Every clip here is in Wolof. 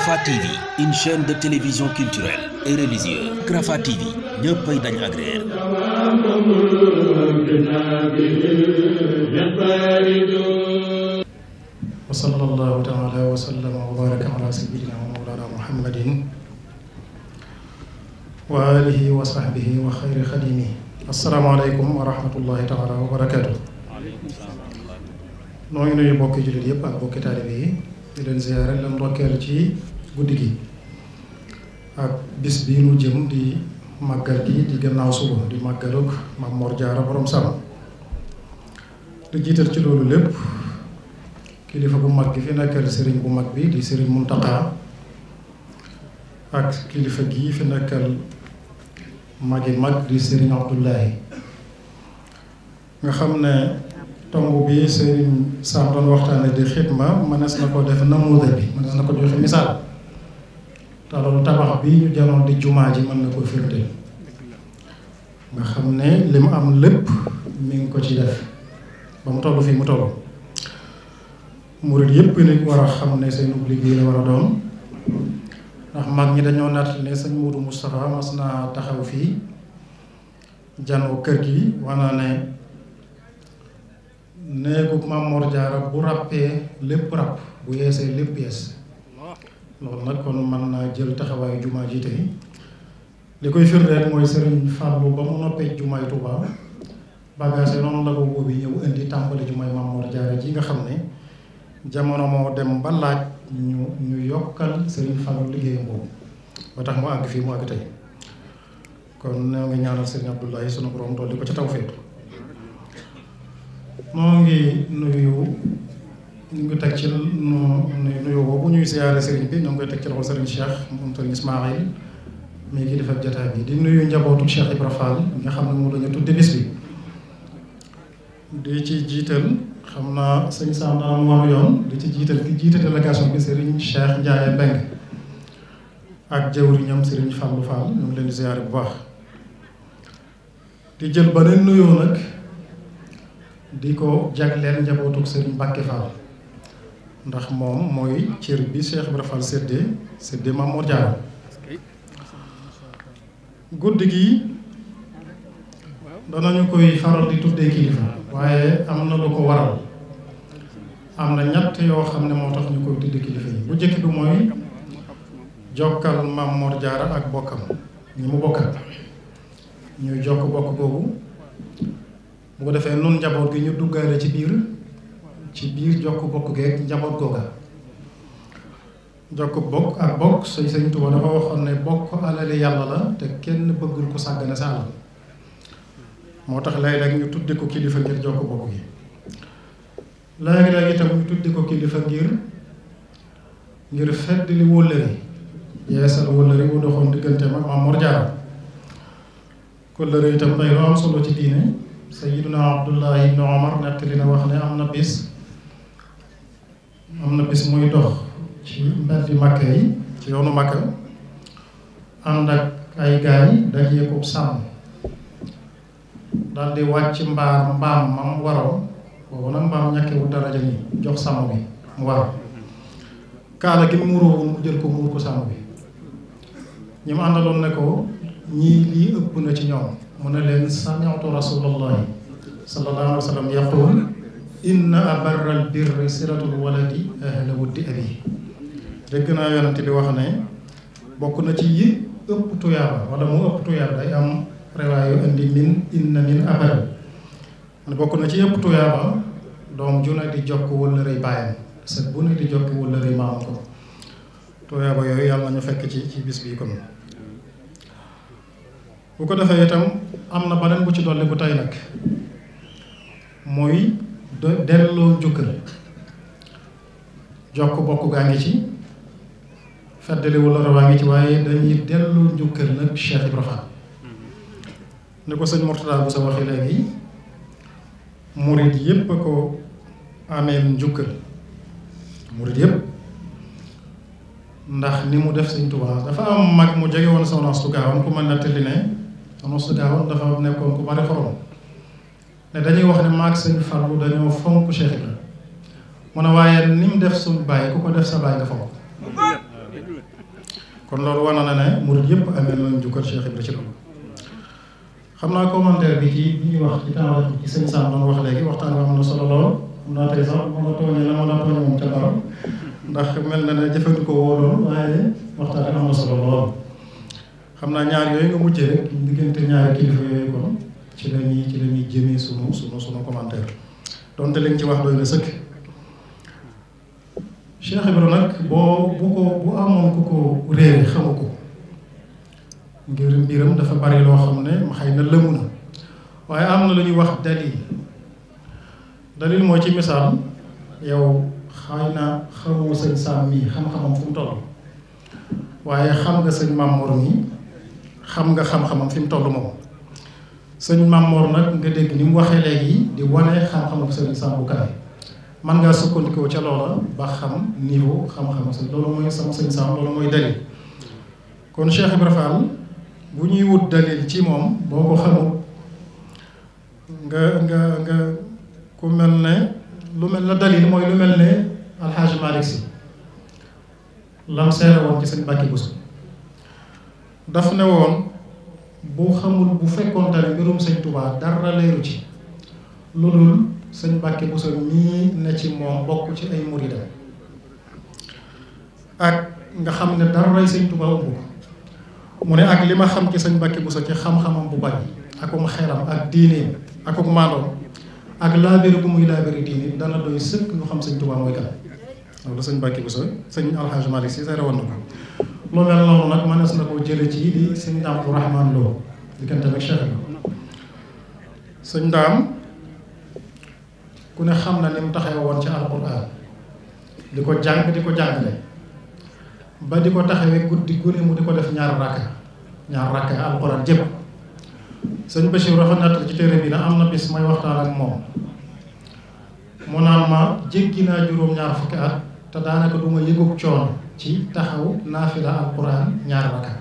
Rafah TV une chaîne de télévision culturelle et religieuse Rafah TV ñëppay dañ agréer wa sallallahu taala wa sallama wa baraka ala sayyidina wa mawlana muhammadin wa alihi wa sahbihi wa xayri xadimi asalaamaaleykum wa rahmatullahi taala wa barakaatu noo ngi nuyu bokki jullit yëpp ak bokki taalibe yi di leen ziyaare leen ndokkeel ci guddi gi ak bis bii nu jëm di màggal gi di gannaaw suba di màggalug Maam Mor Jaara borom Sam di jiital ci loolu lépp kilifa bu mag gi fi nekkal sëriñ bu mag bi di sëriñ Muntaqa ak kilifa gii fi nekkal magi mag di Serigne Abdoulaye nga xam ne tomb bi Serigne Sam doon waxtaane di xitma mënees na ko def namuuda bi mënees na ko joxe misaal te tabax bi ñu janoon di jumaa ji mën na ko firnde nga xam ne li mu am lépp mi ngi ko ci def ba mu toll fii mu toll murid yépp nag war a xam ne seen obligé la war a doon ndax mag ñi dañoo natt ne sëñ Mourou Moustapha mas naa taxaw fii janoo kër gi wana ne néegu Maam Jaara bu ràppee lépp bu yeesee lépp yees loolu nag kon mën naa jël taxawaayu jumaa ji tey li koy firndeel mooy Sëriñ Fallou ba mu noppee jumaay Tuubaa bagaase noonu la ko boobu ñëw indi tàmbali jumaay Maam Mor Jaara ji nga xam ne jamono moo dem ba laaj ñu ñu yokkal Serigne Fallou liggéeyam boobu ba tax mu àgg fii mu àgg tey kon noo ngi ñaanal Serigne Abdoulaye sunu borom dolli ko ca tawfeex moo ngi nuyu teg ci nu nuyu boobu ñuy siyaare Serigne bi ñoo ngi koy teg ci loxo Serigne Cheikh moom Serigne Ismaïl mi ngi defar jotaay bi di nuyu njabootu Cheikh Ibra nga xam ne moom la ñu tudde bi di ci jiital. xam naa sëñ Sam dana moom yoon di ci jiital ki jiite délégation bi Serigne Cheikh Ndiaye Mbengue ak jëwriñam Serigne Fallou Fall ñu ngi leen di ziare bu baax di jël beneen nuyoo nag di ko jagleel njabootuk seen Mbacke Fall ndax moom mooy cër bi Cheikh Ibrahima Fall séddee séddee Mamour Diallo guddi gi danañu koy xaral di tuddee kilifa waaye am na lu ko waral am na ñett yoo xam ne moo tax ñu koy tuddee kilifa yi bu jëkk bi mooy jokkal Maam Mor ak bokkam ñi mu bokkal ñuy jokk bokk boobu bu ko defee nun njaboot gi ñu duggaale ci biir ci biir jokk bokk geeg njaboot googa jokk bokk ak bokk sëñ sëñ Tuba dafa waxoon ne bokk alali yàlla la te kenn bëggul ko sàggane sa alal moo tax léeg-léeg ñu tudde ko kilifa ngir jox ko bokk gi léeg itam ñu tudde ko kilifa ngir ngir fedd li wóllëri yeesal wóllëri wu doxoon diggante ma maam kóllëre itam day lu am ci diine Sayyiduna Abdullah ibn Omar nettali na wax ne am na bis am na bis muy dox ci mbeddi Makka yi ci yoonu Makka ànd ak ay gaay dajee ko sàmm daal di wàcc mbaar mbaam mam waroon boobu nag mbaam ñàkkewul daraja ni jox sàmm bi mu waroon kaala gi muuroo woon jël ko muur ko sàmm bi ñi mu àndaloon ne ko ñii lii ëpp na ci ñoom mu ne leen sami'tu rasulallahi sallallahu alayhi wa sallam yaqul inna abarral birri siratul waladi ahla wuddi abi dégg naa yonent bi wax ne bokk na ci yi ëpp tuyaaba wala mu ëpp tuyaaba day am rewaayu indi min inna min abad man bokk na ci yëpp tuyaaba doom ju di jokk wala rëy bàyyam sët bu ne di jokk wala rëy maam ko tuyaaba yooyu yàlla nañu fekk ci ci bis bii kon bu ko defee itam am na beneen bu ci dolli bu tay nag mooy delloo njukkal jokk bokk gaa ngi ci feddali wala rawaa ngi ci waaye dañuy delloo njukkal nag Cheikh Ibrahima ni ko sëñ Mourtada bu sa waxee léegi murid yépp ko amee njukkal murid yépp ndax ni mu def sëñ Tuubaa dafa am mag mu jege woon soxna Astu Gaawan ku ma nettali ne dafa nekkoon ku bari xorom ne dañuy wax ne maag sëñ Fallu dañoo fonk Cheikh Ibra mu ne waaye ni mu def suñu bàyyi ku ko def sa bàyyi nga fonk kon loolu wane na ne murid yépp amee nañ njukkal Cheikh Ibra ci loolu xam naa commentaire bi ci bi ñuy wax ci temps ci sëñ Sam doon wax léegi waxtaan bi am na solo lool mun naa tey sax mën na tooñee la mën naa tooñee moom ca ndax mel na ne jëfandikoo woo lool waaye waxtaan bi am na solo lool xam naa ñaar yooyu nga mujjee rek diggante ñaari kilifa yooyu kon ci ci la ñuy jëmee sunu sunu sunu commentaire donte liñ ci wax doy na sëkk Cheikh Ibrahima nag boo bu ko bu amoon ku ko réer xam mbiram dafa bari loo xam ne xay na lëmu waaye am na lu ñuy wax dalil dalil mooy ci misaal yow xëy na xamoo sëñ Saam yi xam-xamam fu mu waaye xam nga sëñ Mamour mi xam nga xam-xamam fi mu toll moom sëñ Mamour nag nga dégg ni mu waxee léegi di wane xam-xamam sëñ Saam bu kaay man ngaa sukkandikoo ca loola ba xam niveau xam-xamam sëñ loolu mooy sama sëñ Saam loolu mooy dalil kon Cheikh Ibrahima Fall bu ñuy wut dalil ci moom boo ko xamul nga nga nga ku mel ne lu mel la dalil mooy lu mel ne alxaaji Malick si lan seere woon ci sëñ Mbàkke Buso daf ne woon bu xamul bu fekkoonte ne mbirum sëñ Tuubaa dara leeru ci lu dul sëñ Mbàkke Buso ñii ne ci moom bokk ci ay murida ak nga xam ne dara rey sëñ Tuubaa mu ne ak li ma xam ci sëñ Mbàkke Buso ci xam-xamam bu bari akum xelam ak diineem akum maandoom ak laabiri bu muy laabiri diine dana doy sëkk ñu xam sëñ Tuubaa mooy kan loolu sëñ Mbàkke Buso sëñ Alxaaj Maalik Si sare woon na ko lu mel noonu nag na koo jële ci sëñ Daam bu Rahmaan Lo diggante nag Cheikh sëñ Daam ku ne xam na ni mu taxaw woon ci alxuraan di ko jàng di ko jàngale ba di ko taxawee guddi gu mu di ko def ñaar rakka ñaar rakka alxuraan jëpp sëñ Bachir dafa nattal ci téere bi na am na bis may waxtaan ak moom mu ma jéggi naa juróom-ñaar fukki at te daanaka du ma yëgub coon ci taxaw naafila alxuraan ñaar rakka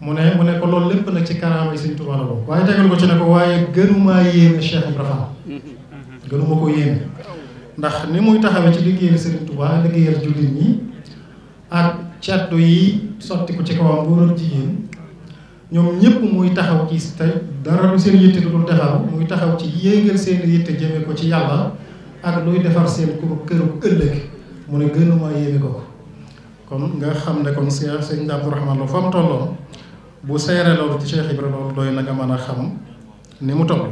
mu ne mu ne ko loolu lépp nag ci karaama yi sëñ waaye tegal ko ci ne ko waaye gënumaa yéeme Cheikh Ibra Fall gënuma ko yéeme ndax ni muy taxawee ci liggéeyal sëriñ Tuubaa liggéeyal jullit ñi ak caddo yi sotti ko ci kawam góor jigéen ñoom ñëpp muy taxaw ci tey dara lu seen yitte lu defar muy taxaw ci yéegal seen yitte jëme ko ci yàlla ak luy defar seen ku këru ëllëg mu ne gënuma yéeme ko kon nga xam ne kon Cheikh sëñ Abdourahmane Lo fa mu tolloon bu seere loolu ci Cheikh Ibrahima loolu doy na nga mën a xam ni mu toll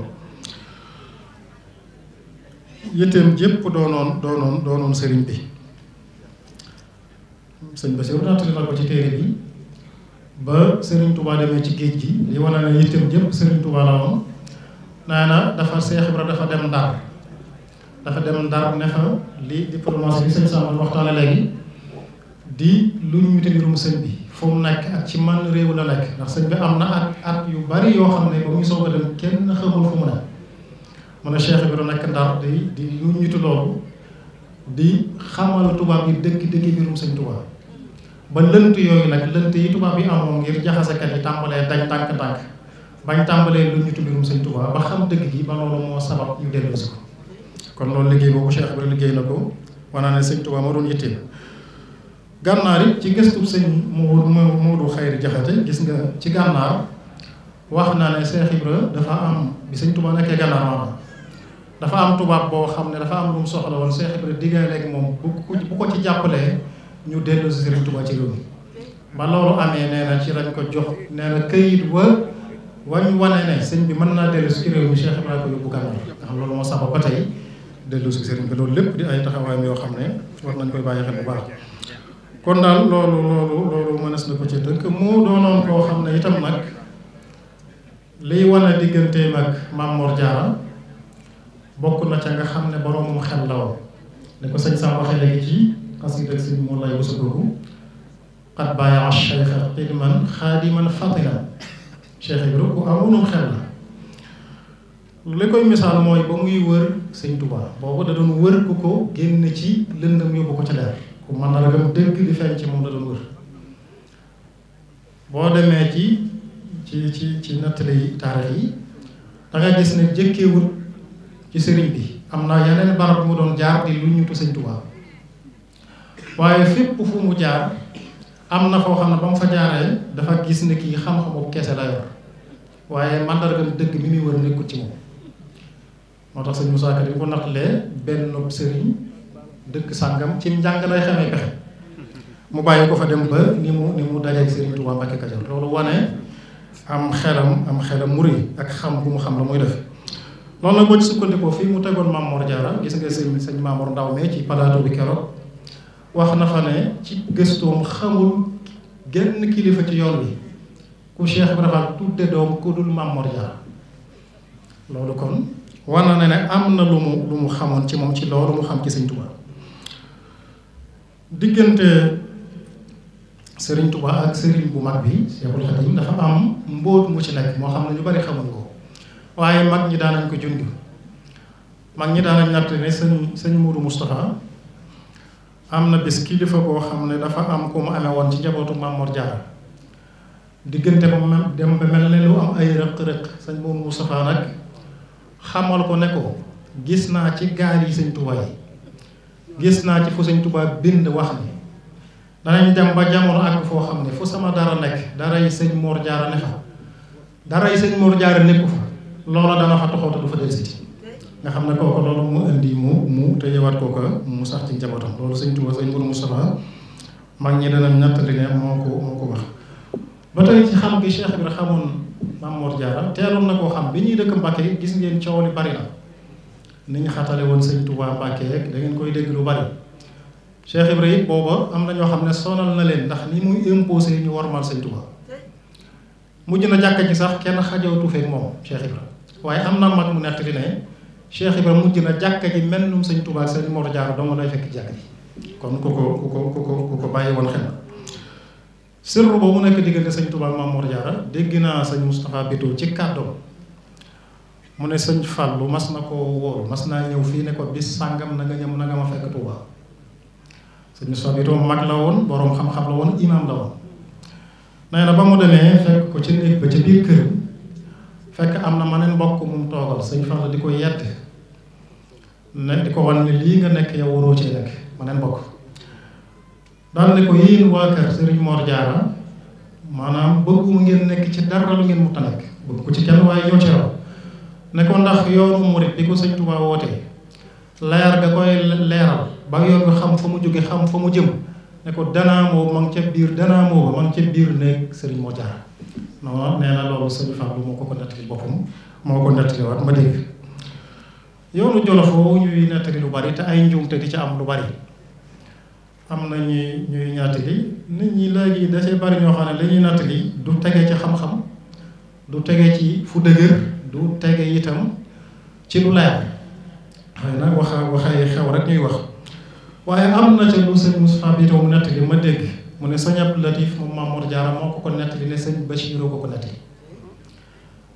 yitteem jëpp doonoon doonoon doonoon sëriñ bi sëñ Basiru nattali na ko ci téere bi ba Serigne Touba demee ci géej gi li wane ne yitteem jëpp Serigne Touba la woon nee na dafa Seex Ibra dafa dem Ndar dafa dem Ndar ne fa li diplomatie bi sëñ lu ñu te bi fu mu ci man réew la am na at at yu bari yoo xam ne ba muy soog a dem kenn xamul fu mu ne mu ne Seex Ibra nekk Ndar di di lu ñu loolu di xamal tubaab yi dëkk dëkk mbirum sëñ Touba. ba lënt yooyu nag lënt yi tubaab yi amoon ngir jaxasekat yi tàmbalee dañ tànk-tànk bañ tàmbalee lu ñu tudd mbirum sëñ ba xam dëgg gi ba loolu moo sabab ñu dellu ko kon loolu liggéey boobu Cheikh Ibrahima liggéey na ko wanaa ne sëñ Tuubaa moo doon ci gëstu sëñ Moodu Moodu Xayri gis nga ci gànnaar wax naa ne Cheikh Ibra dafa am bi sëñ Tuubaa nekkee gànnaar maanaam dafa am tubaab boo xam ne dafa am lu mu soxla woon Cheikh Ibra diggaale ak moom bu ko ci jàppalee ñu dellu si Serigne Touba ci réew mi ba loolu amee nee ci lañ ko jox nee na këyit wa wañ wane ne sëñ bi mën naa dellu si ci réew mi Cheikh Ibrahima ko yóbbu Gambie nga xam loolu lépp di ay taxawaayam yoo xam ne war nañ koy bàyyi xel bu baax kon daal loolu loolu loolu mënees na ko ci dëkk mu doonoon koo xam ne itam nag liy wane digganteem ak Mame Mor bokk na ca nga xam ne boroomum xel la woon ne ko sëñ sa waxee léegi ci xasida si moo lay wasa boobu xat bàyyi as cheikh xidman xaadiman fatilan cheikh Ibra ku amoonum xel la li koy misaal mooy ba muy wër sëñ Tuubaa boobu da doon wër ku ko génn ci lëndam yóbbu ko ci leer ku mën na ragam dëgg li feeñ ci moom da doon wër boo demee ci ci ci ci nattali taarix yi da gis ne jëkkeewut ci sëriñ bi am naa yeneen barab mu doon jaar lu ñutu sëñ Tuubaa waaye fépp fu mu jaar am na foo xam ne ba mu fa jaaree dafa gis ne kii xam-xamu kese la waaye mandargam dëkk mi muy wër nekkul ci moom moo tax sëñ Moussa Ka bi ko nattalee benn sëriñ dëkk sàngam ci njàng lay xamee pexe mu bàyyi ko fa dem ba ni mu ni mu dajeeg sëriñ Tuubaa Mbàkke Kajoor loolu wane am xelam am xelam mu rëy ak xam bu mu xam la muy def loolu nag boo ci sukkandikoo fii mu tegoon Maam Mor Jaara gis nga sëñ sëñ Maam Ndaw mee ci plateau bi keroog wax na fa ne ci gëstoom xamul genn kilifa ci yoon bi ku Cheikh Ibrahima tudde doom ku dul Mame Mor loolu kon war na ne ne am na lu mu lu mu xamoon ci moom ci loolu mu xam ci Sëriñ Tuubaa diggante Sëriñ Tuubaa ak sëriñ bu mag bi Cheikhul Khadim dafa am mbóot mu ci nekk moo xam ne ñu bari xamuñ ko waaye mag ñi daanañ ko junj mag ñi daanañ natt ne sëñ sëñ Mourou Moustapha am na bis kilifa boo xam ne dafa am ku mu amee woon ci njabootu Mamour Diarra diggante ba mu dem ba mel ne lu am ay rëq-rëq sëñ Mourou Moustapha nag xamal ko ne ko gis naa ci gaal yi sëñ Touba yi gis naa ci fu sëñ Touba bind wax ni danañ dem ba jamono ak foo xam ne fu sama dara nekk dara yi sëñ Mor Diarra ne fa dara sëñ Mor Diarra nekku fa loola dana fa toxoo du fa dellusi nga xam ne kooku loolu mu indi mu mu tëjewaat kooka mu sax ci njabootam loolu sëñ Tuubaa sëñ Mourou Moustapha mag ñi dana ñattali ne moo ko moo ko wax ba tey ci xam gi Cheikh Ibra xamoon Maam Mor teeloon na koo xam bi ñuy dëkk Mbàkke gis ngeen coow li bari na ni ñu xatale woon sëñ tubaa Mbàkke rek da ngeen koy dégg lu bari Cheikh Ibra it booba am na ñoo xam ne sonal na leen ndax ni muy imposé ñu warmal sëñ Tuubaa mujj na jàkk ci sax kenn xajawtu feeg moom Cheikh Ibra waaye am na mu nettali ne Cheikh Ibrahima mujj na jàkka ji mel num sëñ Tuubaa sëñ Mor Jaara dama lay fekk jàkka ji kon ku ko ku ko ku ko ku ko bàyyi woon xel sirru boobu nekk diggante sëñ Tuubaa Maam Mor Jaara dégg naa sañ Moustapha Bito ci kàddoom mu ne sëñ lu mas na ko wóor mas naa ñëw fii ne ko bis sàngam na nga ñëw na nga ma fekk Tuubaa sëñ Moustapha Bito mag la woon boroom xam-xam la woon imaam la woon nee na ba mu demee fekk ko ci néeg ba ci biir kër fekk am na ma neen mbokk mu ne di ko wan ne lii nga nekk yow waroo ci nekk ma neen bokk daal ne ko yéen waa kër Serigne Mor maanaam bëgguma ngeen nekk ci dara lu ngeen mu ta nekk bëgg ko ci kenn waaye ñoo ci raw ne ko ndax yoonu murit bi ko sëñ Tuubaa wootee leer ba yoon nga xam fa mu xam fa mu jëm ne ko danaa moo ngi ca biir danaa moo ma ngi biir nekk Serigne Mor Diarra non nee na loolu sëñ Fallou moo ko ko nettali boppam moo ko nettali waat ma dégg yoonu Jolof woowu ñuy nettali lu bari te ay njuumte di ci am lu bari am na ñuy ñuy nettali nit ñi léegi da cee bari ñoo xam ne li ñuy nettali du tege ci xam-xam du tege ci fu dëgër du tege itam ci lu leer xëy na wax waxee xew rek ñuy wax waaye am na ca lu sëñ Moustapha bi mu nettali ma dégg mu ne sa Abdou Latif moom Mamour Diarra moo ko ko nettali ne sëñ Bachir ko ko nettali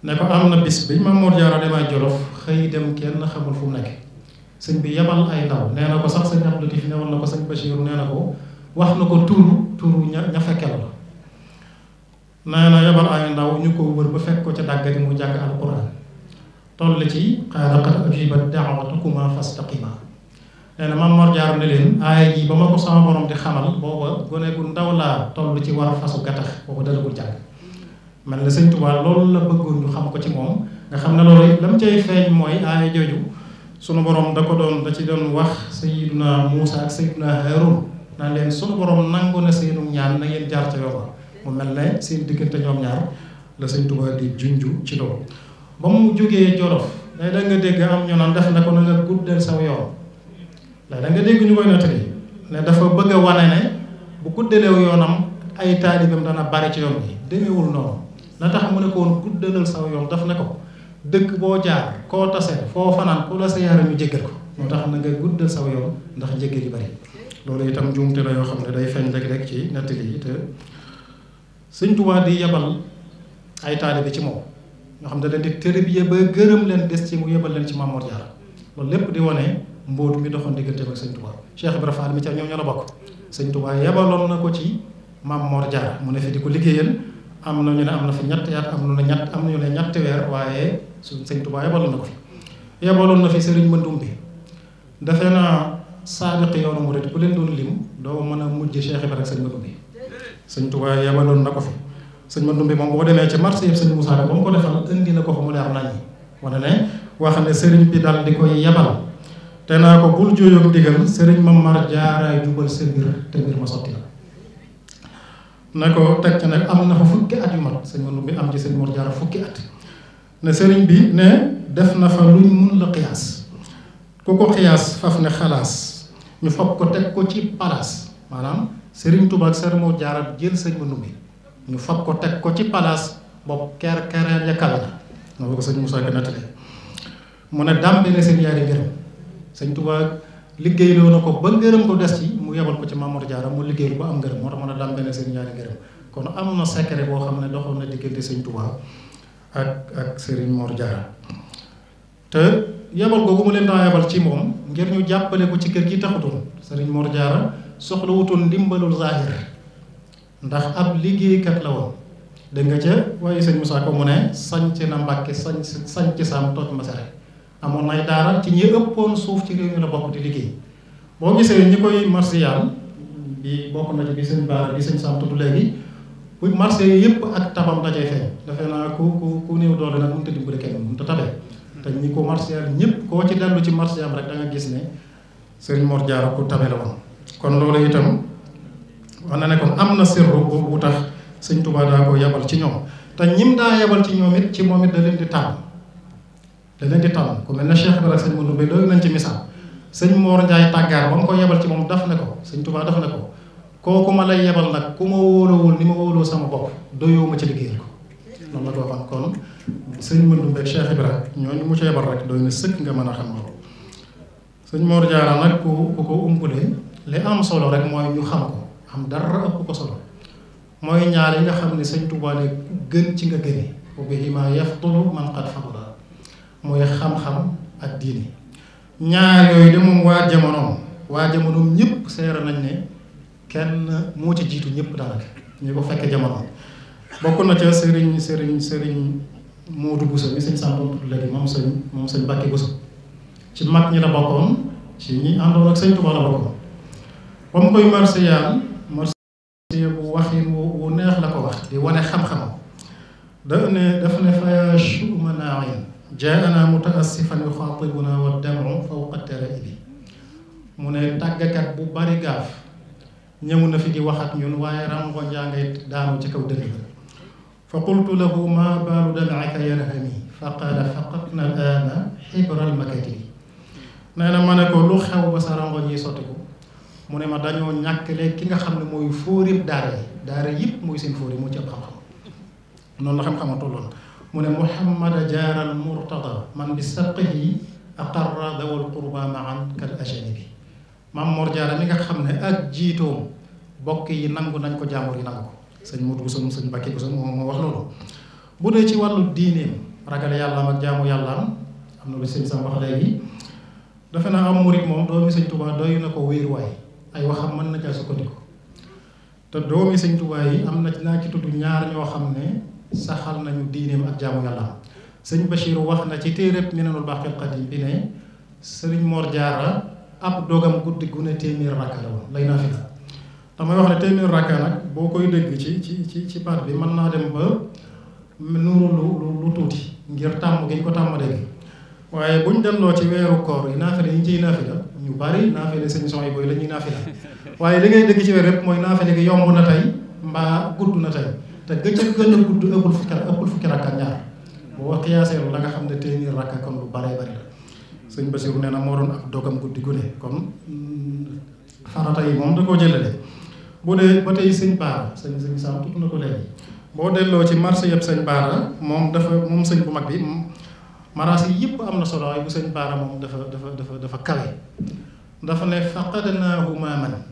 ne ko am na bis bi Maam Mor Jaara demee Jolof xëy dem kenn xamul fu mu nekk sëñ bi yebal ay ndaw nee ko sax sëñ Abdou Latif ne woon na ko sëñ Bachir nee na ko wax na ko turu turu ña ña fekke la nee na yebal ay ndaw ñu ko wër ba fekk ko ca dàggati mu jàng alquran toll ci qaala qad ujibat da'watukumaa fastaqimaa nee na Maam Mor Jaara ne leen aaya ji ba ma ko sama borom di xamal booba gone gu ndaw laa toll ci war a fasu gattax booba dalagul jàng man la sëñ Tuubaa loolu la bëggoon ñu xam ko ci moom nga xam ne loolu it lam cay feeñ mooy aaya jooju sunu borom da ko doon da ci doon wax sayyiduna Muusa ak sayyiduna Haaruun naan leen sunu borom nangu na seenu ñaan na ngeen jaar ca yoon mu mel ne seen diggante ñoom ñaar la sëñ Tuubaa di ci loolu ba mu jógee Jolof day da nga dégg am ñu naan def na ko na nga guddal saw yoon lay da nga dégg ñu koy nettali ne dafa bëgg a wane ne bu guddaleew yoonam ay taalibam dana bari ci yoon bi demeewul noonu la tax mu ne ko woon guddalal saw yoon daf ne ko dëkk boo jaar koo tase foo fanaan ku la sa yaram ñu jéggal ko moo tax na nga guddal saw yoon ndax njéggal yi bari loolu itam njuumte la yoo xam ne day feeñ rek-rek ci nettali yi te sëñ Tuubaa di yebal ay taalibe ci moom ñoo xam ne leen di tërbiye ba gërëm leen des ci mu yebal leen ci Maam Mor Jaara loolu lépp di wane mbóot mi doxoon diggante ak sëñ Tuubaa Cheikh Ibrahima Fall mi ci ñoom ñoo la bokk sëñ Tuubaa yebaloon na ko ci Maam Mor Jaara mu ne fi di ko liggéeyal am na ñu ne am na fi ñett at am na ñett am na ñu ne ñetti weer waaye suñ sëñ Tuubaa yebaloon na ko fi yebaloon na fi sëriñ Mandumbe defe naa saadiq yoonu murid bu leen doon lim doo mën a mujj Cheikh Ibrahima ak sëñ Mandumbe sëñ Tuubaa yebaloon na ko fi sëñ Mandumbe moom boo demee ci marché yëpp sëñ Moussa ba mu ko defal indi na ko fa mu leer nañ ñi wane ne wax ne sëriñ bi dal di koy yebal te naa ko bul jooyoog digal sëriñ Mamar Jaara jubal sa mbir te mbir ma sotti la ne ko teg ca nag am na fa fukki at yu mat sëñ Mandumbe am ci sëñ Mor Jaara fukki at ne sëriñ bi ne def na fa luñ mun la xiyaas ku ko xiyaas faf ne xalaas ñu fab ko teg ko ci palaas maanaam sëriñ Tuubaa ak sëriñ Mor jël sëñ Mandumbe ñu fab ko teg ko ci palaas bopp ker kereen ya kal na noo ko sëñ Moussa Ka nettali mu ne dàmbe ne seen yaari ngërëm sëñ Tuubaa liggéey loo na ko ba ngërëm ko des ci mu yebal ko ci Mamour Diarra mu liggéey ko am ngërëm moo tax mën a daan benn seen ñaari ngërëm kon am na secret boo xam ne doxoon na diggante sëñ Touba ak ak sëriñ Mor Diarra te yebal googu mu leen daa yebal ci moom ngir ñu jàppale ko ci kër gi taxutoon Serigne Mor Diarra soxla wutoon ndimbalul zahir ndax ab liggéeykat la woon dégg nga ca waaye sëñ Moussa ko mu ne sañc na Mbàkke sañ sañc saam toj masare amoon nay daara ci ñi ëppoon suuf ci réew mi la bokk di liggéey boo gisee ñi koy marsiyaal bi bokk na ci bi sëñ baara bi sëñ Sam tudd léegi bu marché yëpp ak tabam dajay feeñ defe naa ku ku ku néew doole nag mënut a dimbali kenn mënut a tabee te ñi ko marsiyaal ñëpp koo ci dellu ci marché am rek da nga gis ne sëñ Mor Diarra ku tabe la woon kon loolu itam wax na ne kon am na sirru bu tax sëñ Touba daa ko yebal ci ñoom te ñim daa yebal ci ñoom it ci moom it da leen di taal da leen di ko ku mel ne Cheikh Ibrahima sëñ Modou Mbaye loolu nañ ci misaal sëñ Mor Ndiaye tàggaar ba mu ko yebal ci moom daf ne ko sëñ Touba daf ne ko kooku ma lay yebal nag ku ma wóolowul ni ma wóoloo sama bopp doyoo ma ci liggéeyal ko noonu la ko waxoon kon sëñ Modou Mbaye Cheikh Ibrahima nga mën a xam loolu sëñ Mor Diarra nag ku ko umpulee am solo rek mooy xam ko am dara ëpp ko ñaar yi nga xam ne sëñ Touba ne ci nga mooy xam-xam ak diine ñaar yooyu de moom waa jamonoom waa jamonoom ñëpp seera nañ ne kenn moo ci jiitu ñëpp daanaka ñu ko fekkee jamonoom bokk na ca sëriñ sëriñ sëriñ Moodu Bousso mi sëñ Samba léegi moom sëñ moom sëñ Bàkki Bousso ci mag ñi la bokkoon ci ñi àndoon ak sëñ Tuubaa la bokkoon ba koy marsiyaal marsiya bu waxin neex la ko wax di wane jaana mutaassifan yuxaatibuna wa damu fawqa taraibi mu ne tàggakat bu bari gaaf ñëw na fi di wax ak ñun waaye rangoñ yaa ngay daanu ci kaw dënn ba fa qultu lahu maa baalu dam'ika yarhami fa qaala faqadna al aana xibra al makati nee na ma ne ko lu xew sa rangoñ yi sotti ko mu ne ma dañoo ñàkkale ki nga xam ne mooy fóorib daara yi daara yëpp mooy seen fóori moo ci ab xam la xam-xama tolloon mu ne muhammada jaaral murtada man bi sarqihi aqarra dawal qurba maan kal ajanibi maam Mor Jaara mi nga xam ne ak jiitoom bokk yi nangu nañ ko jàmbur yi nangu ko sëñ Modou Bousso moom sëñ Mbacke Bousso moom wax loolu bu dee ci wàllu diineem ragal yàllaam ak jaamu am na lu sëñ sam wax léegi dafa naa am murit moom doomi sëñ Tuubaa doy na ko wéeruwaay ay waxam mën na caa sukkandiku te doomi sëñ Tuubaa yi am na naa ci tudd ñaar ñoo xam ne saxal nañu diineem ak jaamu yàlla sëñ Bachir wax na ci téeréb Minanul Baqil Qadim bi ne sëriñ Mor Jaara ab dogam guddi gu ne téeméer rakka la woon lay naa fi damay wax ne téeméer rakka nag boo koy dégg ci ci ci ci baat bi mën naa dem ba nuru lu lu tuuti ngir tàmm gi ñu ko tàmm dégg waaye bu ñu demloo ci weeru koor yi naafile yi ñu ciy naafila ñu bari naafile seen son booy la ñuy naafila waaye li ngay dégg ci weer yëpp mooy naafile gi yomb na tey mbaa gudd na te gëcë gën a gudd ëppul fukki ëppul fukki rakk ak ñaar boo xiyaasee la nga xam ne téeméer rakk kon bu baree bari la sëñ Basiru nee na moo doon ak dogam guddi gune kon mm, farata yi moom da koo jëlale bu dee ba tey sëñ Baara sëñ sëñ Sam tudd na ko léegi boo delloo ci marché yëpp sëñ Baara moom dafa moom sëñ bu mag bi mm, maraas yi yëpp am na solo waaye bu sëñ Baara moom dafa dafa dafa dafa kawe dafa ne faqadnaahu maaman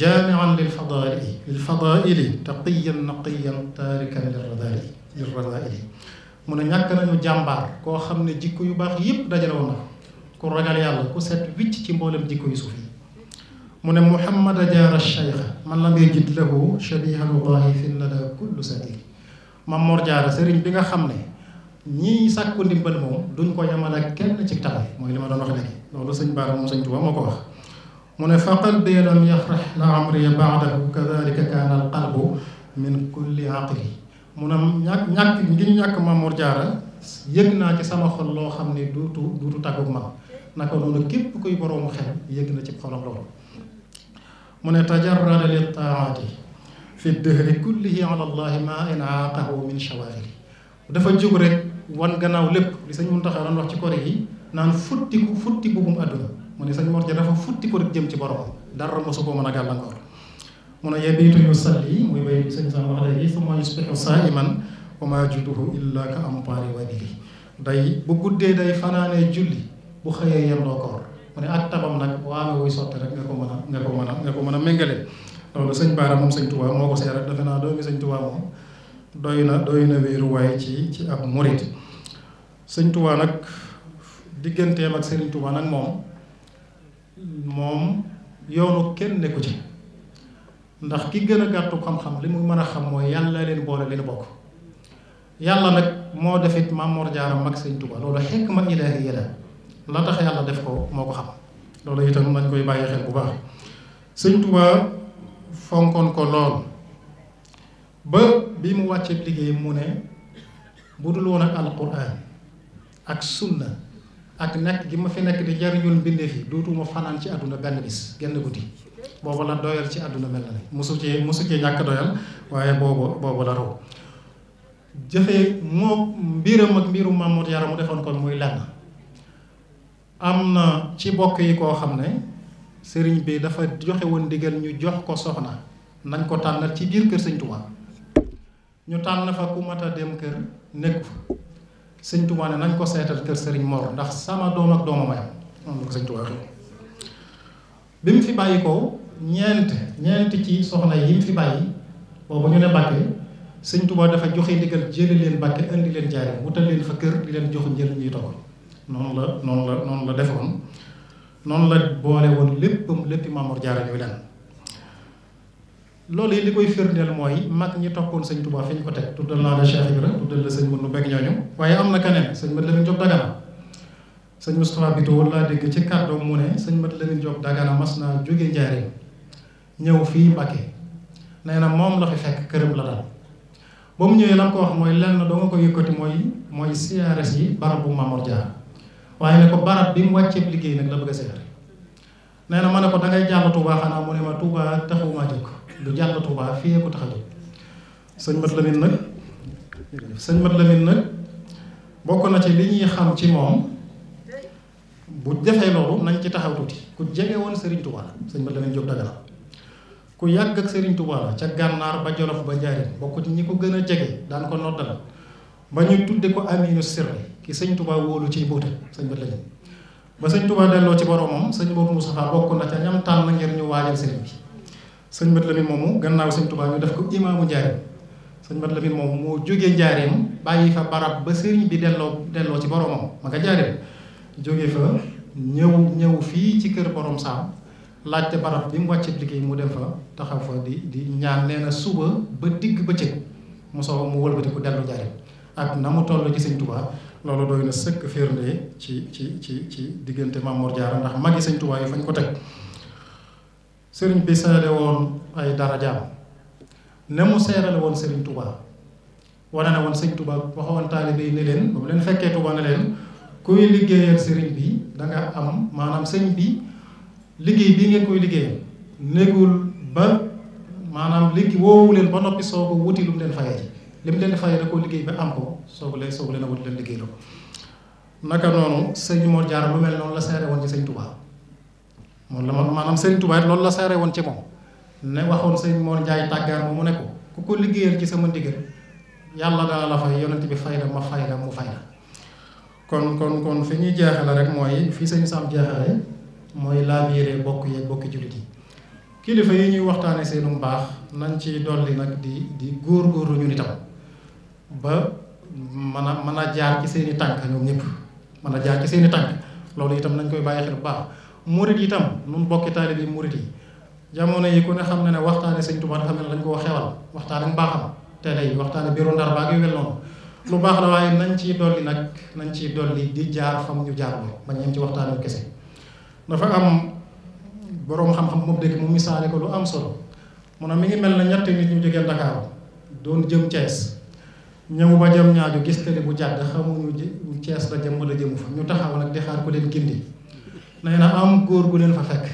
jaamian lilfadaili lilfadaili taqiyan naqiyan taarikan liradaili liradaili mu ne ñàkk nañu jàmbaar koo xam ne jikko yu baax yépp dajale woon ko ku ragal yàlla ku set wicc ci mboolem jikko yu suuf yi mu ne muhammada jaara cheikha man lam yajid lahu shabihalullahi fi nada kullu sadir mam mor jaara sëriñ bi nga xam ne ñii sàkku ndimbal moom duñ ko yamal ak kenn ci tabe mooy li ma doon wax léegi loolu sëñ Baara moom sëñ Tuba moo ko wax mu ne fa qalbi lam yafrax la amri baadahu kadalika kaana al qalbu min kulli aqli mu ne ñàkk ñàkk ngir ñàkk Mamour Diarra yëg naa ci sama xol loo xam ne duutu duutu tàggu ma naka noonu képp kuy boroomu xel na ci xolam loolu mu ne tajarrada li taati fi dëhri kullihi ala allahi ma in aaqahu min chawaari dafa jóg rek wan gannaaw lépp li sëñ Muntaxa doon wax ci kore yi naan futti futtiku futti bu mu àdduna mu ne sëñ Mor ja dafa futti ko rek jëm ci borom dara mosu ko mën a gàllankoor mu ne yabiitu yusalli muy bay sëñ sa wax léegi summa yusbihu saa'iman wa maa yajiduhu illaa ka amtaari wabili day bu guddee day fanaanee julli bu xëyee yendoo koor mu ne ak tabam nag waa wuy sotti rek nga ko mën a nga ko mën a nga ko a méngale loolu sëñ Baara moom sëñ Tuubaa moo ko seere naa doomi sëñ Tuubaa moom doy na doy na wéeruwaay ci ci ab murit sëñ tubaa nag digganteem ak sëriñ Tuubaa nag moom moom yoonu kenn nekku ci ndax ki gën a gàttu xam-xam li mu mën a xam mooy yàlla leen boole leen bokk yàlla nag moo defit Mamoor Jaara mag Sëñ Tuubaa loolu xikma ilaahiyya la la tax yàlla def ko moo ko xam loolu itam nañ koy bàyyi xel bu baax Sëñ Tuubaa fonkoon ko lool ba bi mu wàccee liggéey mu ne bu dul woon ak alquran ak sunna ak nekk gi ma fi nekk di jariñul mbindeef yi duutuma fanaan ci àdduna benn bis genn guddi boobu la doyal ci àdduna mel na ne mosu cee mosu cee ñàkk doyal waaye boobu boobu la raw jëfee moo mbiram ak mbirum Mamour Diarra mu defoon kon muy lenn am na ci bokk yi koo xam ne sëriñ bi dafa joxe woon ndigal ñu jox ko soxna nañ ko tànnal ci biir kër sëñ Tuubaa ñu tànn fa ku mat a dem kër nekk fa sëñ Tuubaa ne nañ ko seetal kër sëriñ Mor ndax sama doom ak doomam ayam moom la ko sëñ Tuubaa bi mu fi bàyyi ko ñeent ñeent ci soxna yi mu fi bàyyi boobu ñu ne Mbàkke sëñ Tuubaa dafa joxe ndigal jële leen Mbàkke indi leen jaare wutal leen fa kër di leen jox njëriñ ñuy toog noonu la noonu la noonu la defoon noonu la boole woon lépp léppi Maamoor Jaara ñuy leen loolu yi li koy firndeel mooy mag ñi toppoon sëñ Tuubaa fi ñu ko teg tuddal naa la Cheikh Ibra tuddal la sëñ Mënu Beg ñooñu waaye am na keneen sëñ Mat Lamin Jóob Dagana sëñ Moustapha Bito wala laa dégg ci kàddoom mu ne sëñ Mat Lamin Dagana mas naa jóge Njaaréem ñëw fii Mbàkke nee na moom la fi fekk këram la dal ba mu ñëwee la ko wax mooy lenn doo nga ko yëkkati mooy mooy CRS yi barab bu Mamour Dia waaye ne ko barab bi mu wàcceeb liggéey nag la bëgg a seere nee na ma ne ko dangay jàll Tuubaa xanaa mu ne ma Tuubaa taxumaa jóg lu jàll Touba fii ko tax a jóg sëñ Mat Lamin nag sëñ Mat Lamin nag bokk na ci li ñuy xam ci moom bu defee loolu nañ ci taxaw tuuti ku jege woon sëriñ Touba la sëñ Mat Lamin Jóob Dagana ku yàgg ak Serigne Touba la ca gànnaar ba Jolof ba Njaariñ bokk ñi ko gën a jege daan ko noddal ba ñu tuddee ko Aminu Sirri ki sëñ Touba wóolu ciy bóote sëñ Mat Lamin ba sëñ Touba delloo ci boromam sëñ Moodu Mustafaa bokk na ca ñam tànn ngir ñu waajal sëriñ bi sëñ Mat Lamin moomu gannaaw sëñ Tuubaa ñu def ko imaamu njaareem sëñ Mat Lamin moom moo jógee njaareem bàyyi fa barab ba sëriñ bi delloo delloo ci boromam ma nga njaareem jóge fa ñëw ñëw fii ci kër borom saam laajte barab bi mu wàccee liggéey mu dem fa taxaw fa di di ñaan nee na suba ba digg bëccëg mu soo mu ku dellu njaareem ak na mu toll ci sëñ Tuubaa loolu doy na sëkk firnde ci ci ci ci diggante Maam Mor Jaara ndax magi sëñ Tuubaa yi fañ ko teg sëriñ bi seere woon ay dara darajaam ne mu seerale woon sëriñ Touba wane ne woon sëriñ tubaab waxoon taalibe yi ne leen ba mu leen fekkee Touba ne leen kuy liggéeyal sëriñ bi danga am maanaam sëriñ bi liggéey bii ngeen koy liggéeyal négul ba maanaam liggi woowu leen ba noppi soo wuti lu mu leen fayee li mu leen fayee koo liggéey ba am ko soo ko soo ko leen a wuti leen liggéey la ko naka noonu sëriñ Mor Diarra lu mel noonu la seere woon ci sëriñ Touba moom la maanaam Serigne Touba it loolu la seere woon ci moom ne waxoon sëñ moo Ndiaye tàggaar mu mu ne ko ku ko liggéeyal ci sama ndigal yàlla dana la fay yonent bi fay la ma fay la mu fay la kon kon kon fi ñuy rek mooy fi sëñ Sam jeexale mooy laabiire bokk yeeg bokki jullit yi kilifa yi ñuy waxtaane mu baax nañ ci dolli nag di di góor-góorlu ñu nitam ba mën a mën a jaar ci seen i tànk ñoom ñëpp mën a jaar ci seen tànk loolu itam nañ koy bàyyi xel bu baax murit yi tam nun bokki taalib bi murit yi jamono yi ku ne xam na ne waxtaane sëñ Tuubaa xam ne lañ ko xewal waxtaan ak mbaaxam télé yi waxtaane biiru ndar baa ngi wel noonu lu baax la waaye nañ ciy dolli nag nañ ciy dolli di jaar fam ñu jaar moom bañ nañ ci waxtaane kese dafa am boroom xam-xam moom dëkk mu misaale ko lu am solo mu ne mi ngi mel na ñetti nit ñu jógee Dakar doon jëm Thiès ñëw ba jëm ñaaju gis télé bu jàdd xamuñu Thiès la jëm wala jëmu fa ñu taxaw nag di xaar ku leen gindi nee na am góor gu leen fa fekk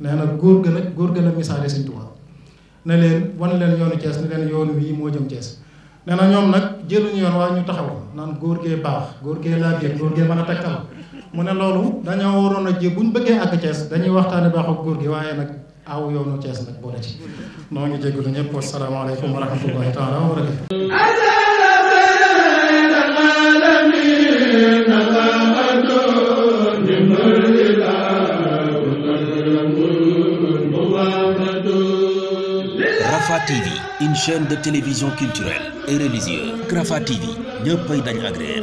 nee na góor gën a góor gën a misaale Sëñ Tuubaa ne leen wan leen yoonu Cees ne leen yoon wii moo jëm Cees nee na ñoom nag jëluñu yoon waaye ñu taxaw naan góor gee baax góor gee laajee góor gee man a tegtal mu ne loolu dañoo waroon a jéem bu ñu bëggee àgg Cees dañuy waxtaane baax ak góor gi waaye nag aw yoonu Cees nag boole ci noo ngi jégalu ñëpp wasalaamaaleykum wa rahmatullahi taala wa barakatu TV une de télévision culturelle et religieuse Rafah TV ñëppay dañ agréer